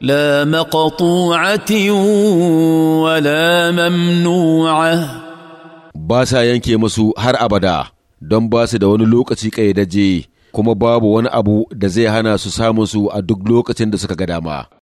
لا مقطوعة ولا ba sa yanke musu har abada don ba su da wani lokaci ƙaidaje kuma babu wani abu da zai hana su samun su a duk lokacin da suka ga dama.